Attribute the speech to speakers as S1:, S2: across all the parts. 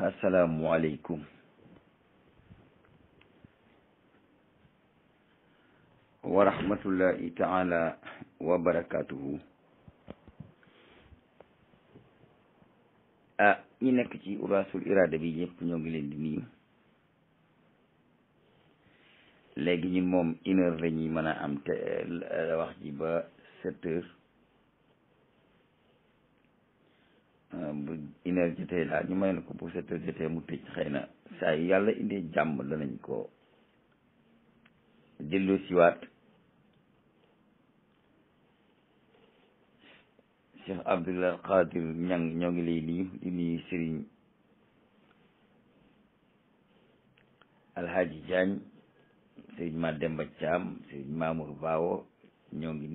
S1: asalaamualeykum wa rahmatullahi taala wa barakatuhu ah ñi nekk ci urasul irada bi ñëpp ñoo ngi leen di nuyu léegi ñun moom une heure la ñuy mën a am te eh, wax ji ba sept bu une heure jotee daal ñu may la ko bu sept heures jotee mu tëj xëy na saa yi yàlla indee jàmm danañ ko jëlloo siwaat Cheikh Abdoulaye Khadir Ñang ñoo ngi lay nuyu di nuyu sëriñ Alhaaji Jaañ sëriñ Mademba Caam sëriñ Mamour Baawo ñoo ngi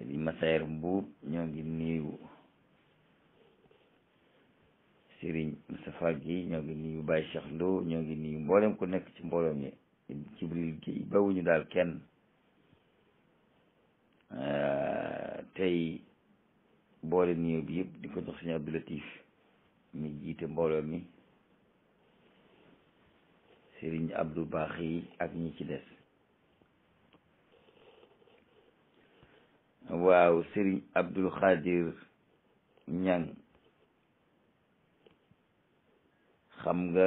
S1: Serigne Massaer Mbuub ñoo ngi nuyu Serigne Moustapha Guèye ñoo ngi nuyu Baye Cheikh ñoo ngi nuyu mboolem ku nekk ci mbooloo mi Jibril Guèye ñu daal kenn euh, tey boole nuyu bi yëpp di ko jox Serigne Abdou Latif mi jiite mbooloo mi Serigne Abdou Baax yi ak ñi ci des waaw Serigne Abdul Xaadir ñan xam nga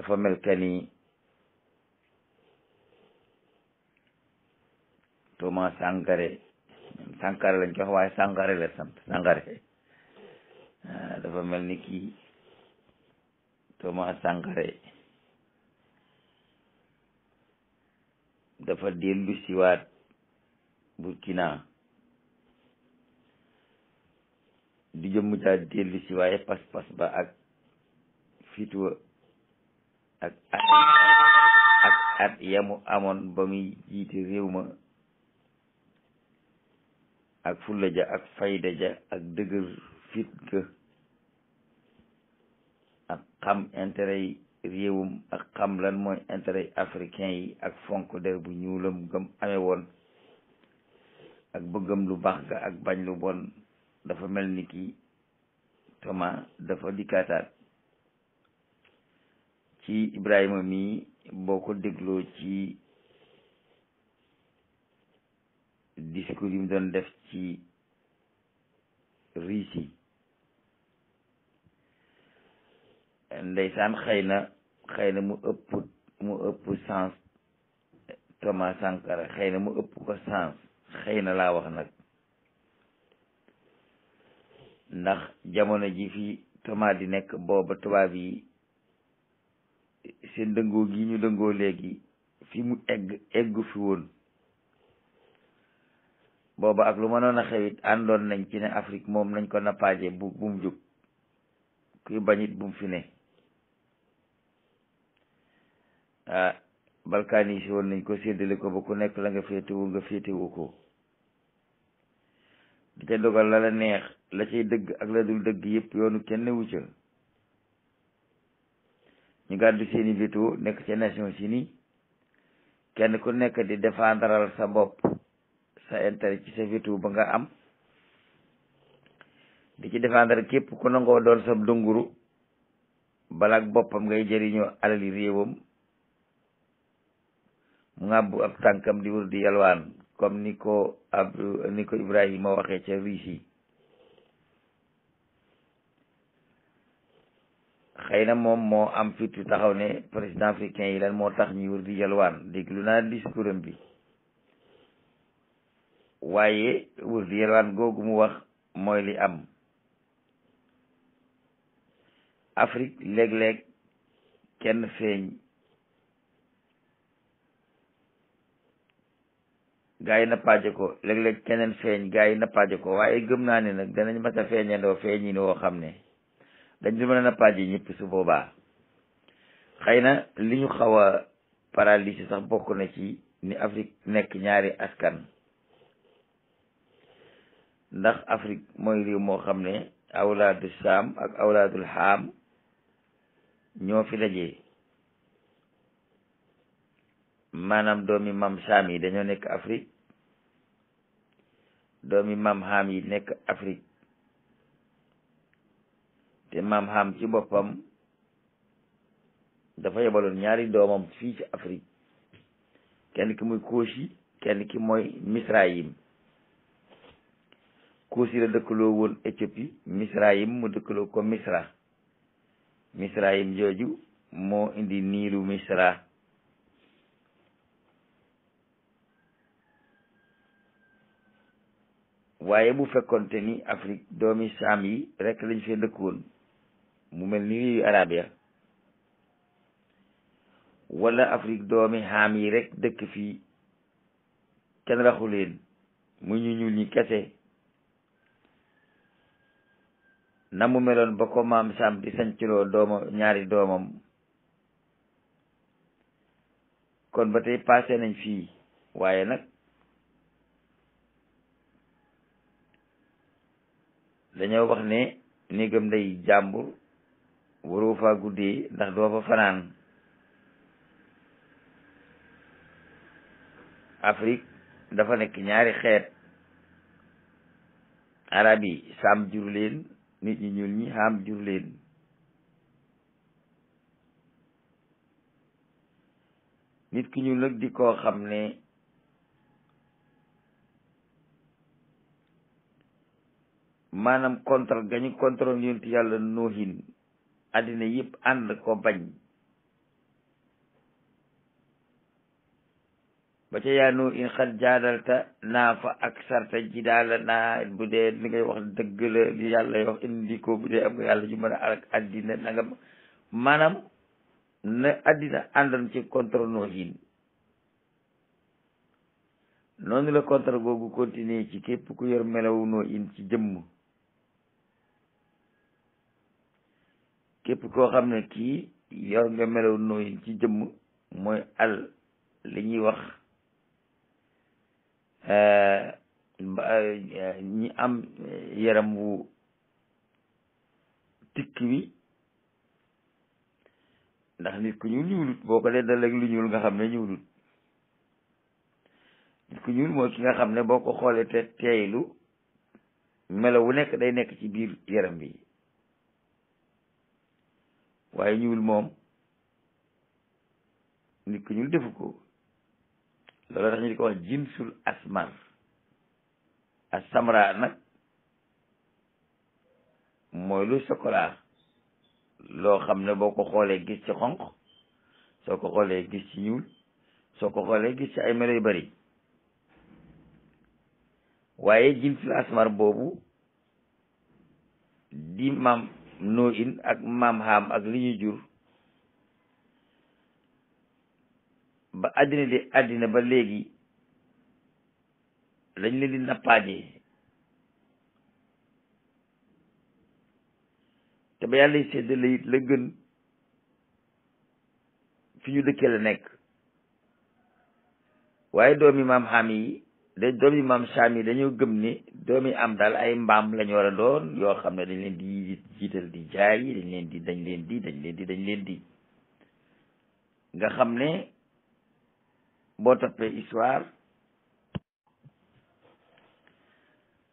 S1: dafa mel ka ni Thomas Sankare Sankare lañ ko waaye Sankare la sant Sankare dafa mel ni kii Thomas Sankare dafa dellu siwaat Burkina di jëmm jaa dellu si pas-pas ba ak fitwa ak at ak at yamu amoon ba muy jiite réew ma ak fulla ja ak fayda ja ak dëgër fit ga ak xam intérêt yi réewum ak xam lan mooy intérêt africain yi ak fonk der bu ñuulam gëm amee woon ak bëggam lu baax ga ak bañ lu bon dafa mel ni ki Thomas dafa dikkaataat ci Ibrahima mi boo ko dégloo ci discours yi mu doon def ci Russie Eh, ndeysaan xëy na xëy na mu ëpp mu ëpp sens Thomas sanqara xëy na mu ëpp ko sens xëy na laa wax nag ndax jamono ji fi Thomas di nekk booba tubaab yi seen dëngoo gi ñu dëngoo léegi fi mu egg eggu fi woon booba ak lu ma a xewit àndoon nañ ci ne Afrique moom nañ ko nappaaje bu bu mu jóg kuy bañit bu mu fi ne ah balkaani si woon nañ ko séddale ko ba ku nekk la nga féetewul nga féetewu ko di ca dogal la la neex la cay dëgg ak la dul dëgg yépp yoonu kenn wu ca ñu gàddu seeni veto nekk ca si nii kenn ku nekk di défendral sa bopp sa intérêt ci sa veto ba nga am di ci défendre képp ku nangoo doon sa dunguru balaak boppam ngay jëriñoo alali réewam mu ngàbbu ab tànkam di wër di yalwaan comme ni ko ab ni ko Ibrahima waxee ca Russie xëy na moom moo am fitu taxaw ne président africain yi lan moo tax ñuy wër di yalwaan déglu naa discours am bi waaye wër di yalwaan googu mu wax mooy li am Afrique léeg-léeg kenn feeñ gaa yi nappaaje ko léeg-léeg keneen feeñ gaa yi nappaaje ko waaye gëm naa ne nag danañ mas a feeñandoo feeñi ni woo xam ne dañ du mën a nappaaje ñëpp su boobaa xëy na li ñu xaw a paralysé sax bokk na ci ni Afrique nekk ñaari askan ndax Afrique mooy réew moo xam ne awlaadu saam ak awlaadu xaam ñoo fi dajee maanaam doomi mam saam yi dañoo nekk Afrique doomi mam xam yi nekk Afrique te mam xam ci boppam dafa yebaloon ñaari doomam fii ci Afrique kenn ki muy Koosi kenn ki mooy Misrayim Koosi la dëkkaloo woon Éthiopie Misrayim mu dëkkaloo ko Misra Misrayim jooju moo indi niilu Misra waaye bu fekkonte ni Afrique doomi saam yi rek lañ fee dëkkoon mu mel ni réewi arab ya wala Afrique doomi xaam yi rek dëkk fii kenn raxu leen mu ñu ñuul ñi kese na mu meloon ba ko maam saam di sancloo dooma ñaari doomam kon ba tey paase nañ fii waaye nag dañoo wax ne néegam day jàmbur waroo faa guddee ndax doo fa fanaan Afrique dafa nekk ñaari xeet arab yi saam jur nit ñi ñuul ñi xaam jur nit ki ñuul nag di koo xam ne maanaam contrôle gañu contrôle yonti yàlla noohin àddina yëpp ànd ko bañ ba ca yaa noohin xat jaadalta naa fa ak sarta ji daala naa bu dee li ngay wax dëgg la yàlla wax indi bu dee am yàlla ju mën a ak àddina nanga maanaam na àddina àndoon ci contrôle noohin noonu la contrôle googu continuer ci képp ku yor melawu noohin ci jëmm képp koo xam ne kii yor nga melaw nooyin ci jëmm mooy al li ñuy wax euh, ñi am yaram wu tikk wi ndax nit ku ñuul ñuulut boo ko dee daleg lu ñuul nga xam ne ñuulut nit ku ñuul mooy ki nga xam ne boo ko xoolee te teeylu melaw wu nekk day nekk ci biir yaram bi waaye ñuul moom nit ku ñuul defu ko loolu tax ñu di ko wax jinsul asmar asamra nag mooy lu sokola loo xam ne boo ko xoolee gis ci xonq soo ko xoolee gis ci ñuul soo ko xoolee gis ci ay melo yu bari waaye jinsul asmar boobu di nooyin ak maam haam ak li ñuy jur ba àddina di àddina ba léegi dañ leen di nappaajee te ba yàlla séddale it la gën fi ñu dëkkee la nekk waaye doomi maam haam yi da doomi maam saam yi dañoo gëm ni doomi am daal ay mbaam lañu war a doon yoo xam ne dañ leen di jiital di jaay yi dañ leen di dañ leen di dañ leen di nga xam ne boo toppee histoire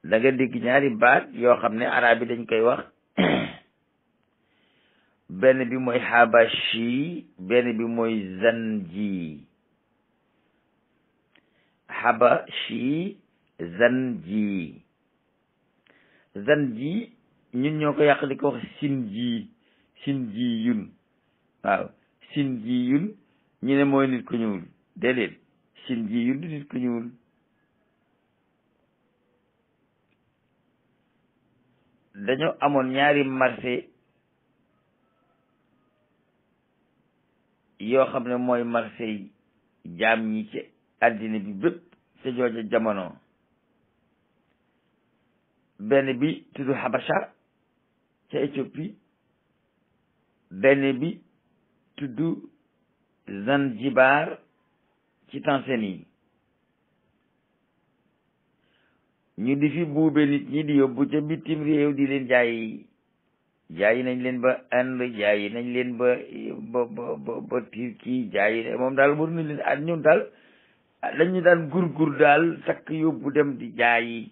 S1: da dégg ñaari baat yoo xam ne arab yi dañ koy wax benn bi mooy xabashi benn bi mooy zanji habashi zanji zanji ñun ñoo ko yàq di ko wax sinji sinji yun waaw sinji yun ñu ne mooy nit ku ñuul déedéet sinji yun du nit ku ñuul dañoo amoon ñaari marché yoo xam ne mooy marché yi jaam ñi ci àddina bi bépp ca jooja jamono benn bi tudd Habasha ca Éthiopie benn bi tudd Zanzibar ci Tanzanie ñu di fi buube nit ñi di yóbbu ca bitim réew di leen jaay jaayi nañ leen ba Inde yi nañ leen ba ba ba ba Turquie jaayi moom daal waru nañ leen at ñun daal dañu daan gurgur daal takk yóbbu dem di jaayi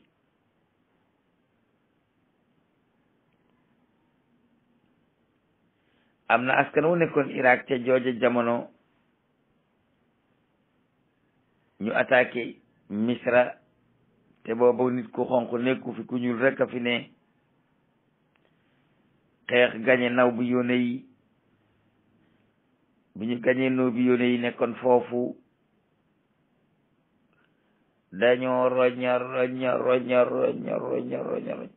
S1: am na askan wu nekkoon Irak ca jooja jamono ñu attaqué Misra te boobu nit ku xonq nekku fi ku ñuul rekk a fi ne xeex gañe naw bi yónne yi bi ñu gañee naw bi yónne yi nekkoon foofu dañoo roña roña roña roña roña roña roñ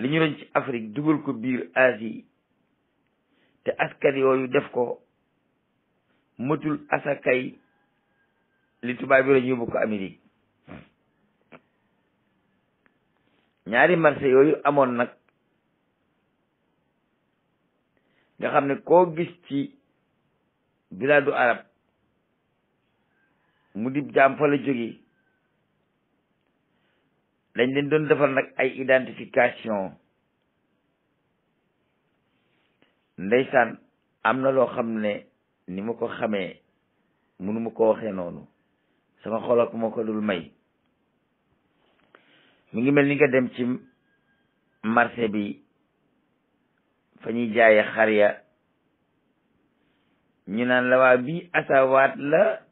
S1: li ñu roñ ci Afrique dugal ko biir Asie te askan yooyu def ko mëtul asakay li yóbbu ko Amérique ñaari marché yooyu amoon nag nga xam ne koo gis ci biladu arab mu dib jaam fa la jógee dañ leen doon defal nag ay identification ndeysaan am na loo xam ne ni ma ko xamee mënuma ko waxee noonu sama xol ak ko dul may mu ngi mel ni nga dem ci marché bi fa ñuy jaaye xar ya ñu naan la waa bii asawaat la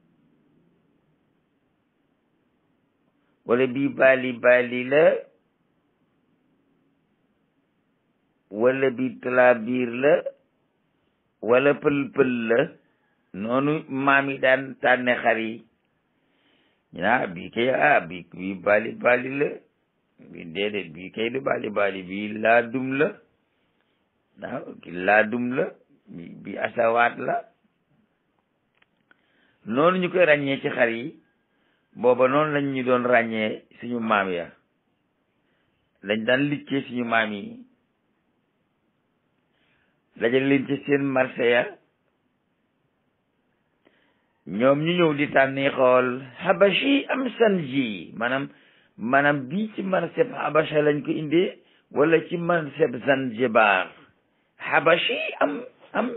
S1: wala bii baali baali la wala bi talabiir la wala pël-pël la noonu maam yi daan tànne xar yi ñaa bii kay ah bi bii baali la bi déedéet bii kay du baali baali bii laadum la waaw laadum la bi asawaat la noonu ñu koy ràññee ci xar yi booba noonu lañ ñu doon ràññee suñu maam ya dañ daan liggéey suñu maam yi dajale leen ci seen marché ya ñoom ñu ñëw di tànni xool habashi am sanji maanaam maanaam bii ci marché habasha lañ ko indi wala ci marché zanzibar habashi am am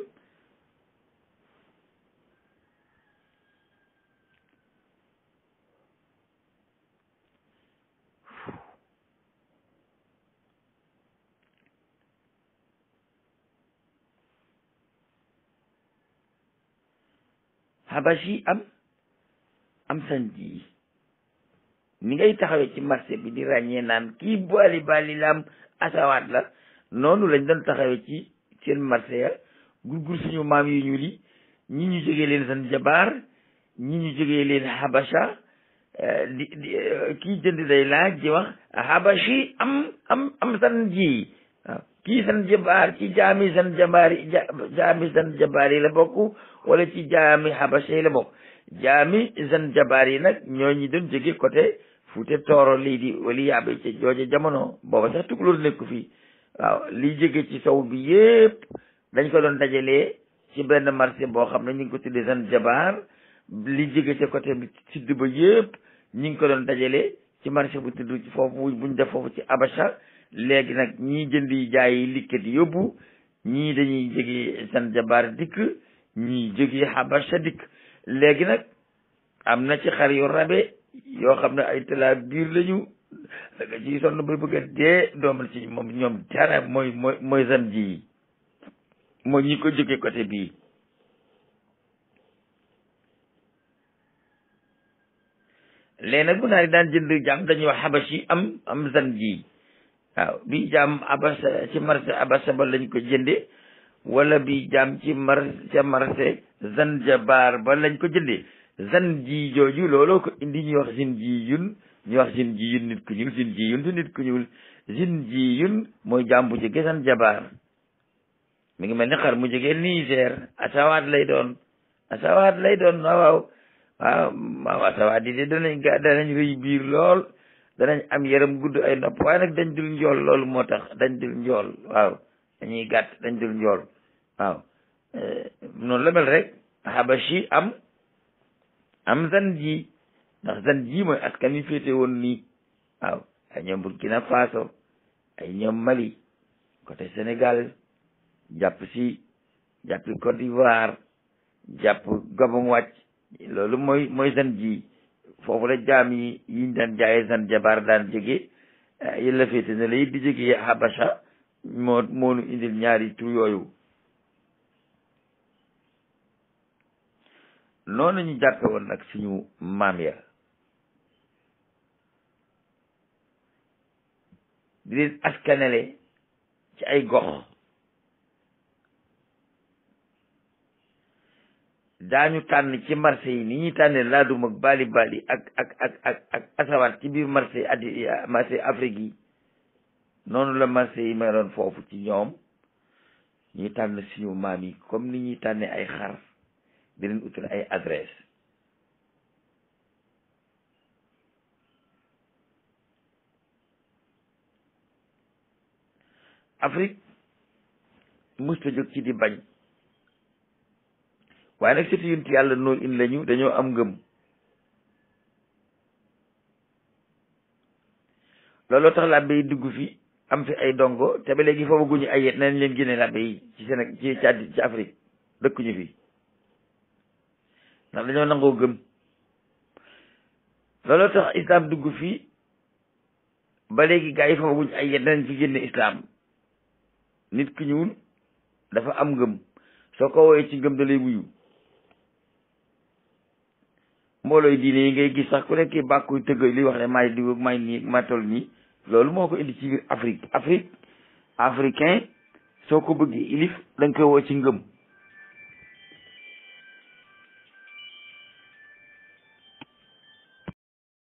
S1: xabashi am am sandi yi ngay taxawee ci marché bi di ràññee naan kii baali baali laam asawaat la noonu lañ doon taxawee ci seen marché ya gurgur ñu maam yi ñu li ñi ñu jógee leen san jabaar ñi ñu jógee leen habasha eh, di di eh, kii jënd day laaj di wax habashi am am am san kii san jabaar ci jaami san jabaari jaami jabaar yi la bokk wala ci jaami xabasa yi la bokk jaami san jabaar yi nag ñoo ñi doon jóge côté fuute tooro lii di yaabe ci jooje jamono booba sax tukulóor nekku fii waaw li jóge ci sow bi yépp dañ ko doon dajalee ci benn marché boo xam ne ñu ngi ko tuddee san jabaar li jóge ci côté bi sidd ba yépp ñu ngi ko doon dajale ci marché bu tudd ci foofu buñ def foofu ci abacha léegi nag ñii jënd yi jaay yi likkat yóbbu ñii dañuy jógee san jabar dikk ñii jógee xabasa dikk léegi nag am na ci xar yu rabe yoo xam ne ay talaa biir lañu da nga sonn ba bëgg a dee doomal ci moom ñoom dara mooy mooy mooy zam ji yi mooy ñi ko jóge côté bii léegi nag bu naa daan jënd jaam dañuy wax xabas yi am am zam ji waaw bi jaam abasa ci marché abasa ba lañ ko jënde wala bi jaam ci mar ca marché zanjabar ba lañ ko jënde zan jooju looloo ko indi ñuy wax zin ji ñuy wax zin ji nit ku ñuul zin nit ku ñuul mooy jaam bu jóge zanjabar mi ngi mel ni xar mu jógee Niger asawaat lay doon asawaat lay doon waaw waaw waaw asawaat yi de danañ ga danañ rëy biir lool danañ am yaram gudd ay nopp waaye nag dañ dul njool loolu moo tax dañ dul njool waaw dañuy gàtt dañ dul njool waaw eh, noonu la mel rek habashi am am zan ji ndax zan mooy askan wi féete woon nii waaw ay ñoom Burkina Faso ay ñoom Mali côté Sénégal jàpp ci jàppi Côte d'Ivoire jàpp Gabon wàcc loolu mooy mooy zan ji foofu la jaam yi yiñ daan jaayee Zanjabar daan jóge eh, yàlla féete ne la it di jóge Habasha moo moonu indil ñaari tur yooyu noonu ñu jàppe woon nag suñu maam ya di leen askanale ci ay gox daañu tànn ci marché yi ni ñuy tànnee laadum ak bali bali ak ak ak ak ak asawaat ci biir marché addi marché Afrique yi noonu la marché yi meloon foofu ci ñoom ñuy tànn siñu maam yi comme ni ñuy tànnee ay xar di leen ay adresse Afrique musta jóg ci di bañ waaye nag sëti yunt yàlla noo in lañu dañoo am ngëm looloo tax làbbe yi dugg fi am fi ay dongo te ba léegi foofu guñu ay yet nañ leen génne làbbe yi ci Sénégal ci Afrique dëkkuñu fi ndax dañoo nangoo gëm looloo tax islam dugg fi ba léegi gaa yi foofu ay yet nañ fi génne islam nit ki ñuul dafa am ngëm soo ko woowee ci ngëm da wuyu mboolooy diine yi ngay gis sax ku nekk bàkkuy tëggay li wax ne maay diw ak maay nii ma toll nii loolu moo ko indi ci biir Afrique Afrique africain soo ko bëggee ilif da koy woo ci ngëm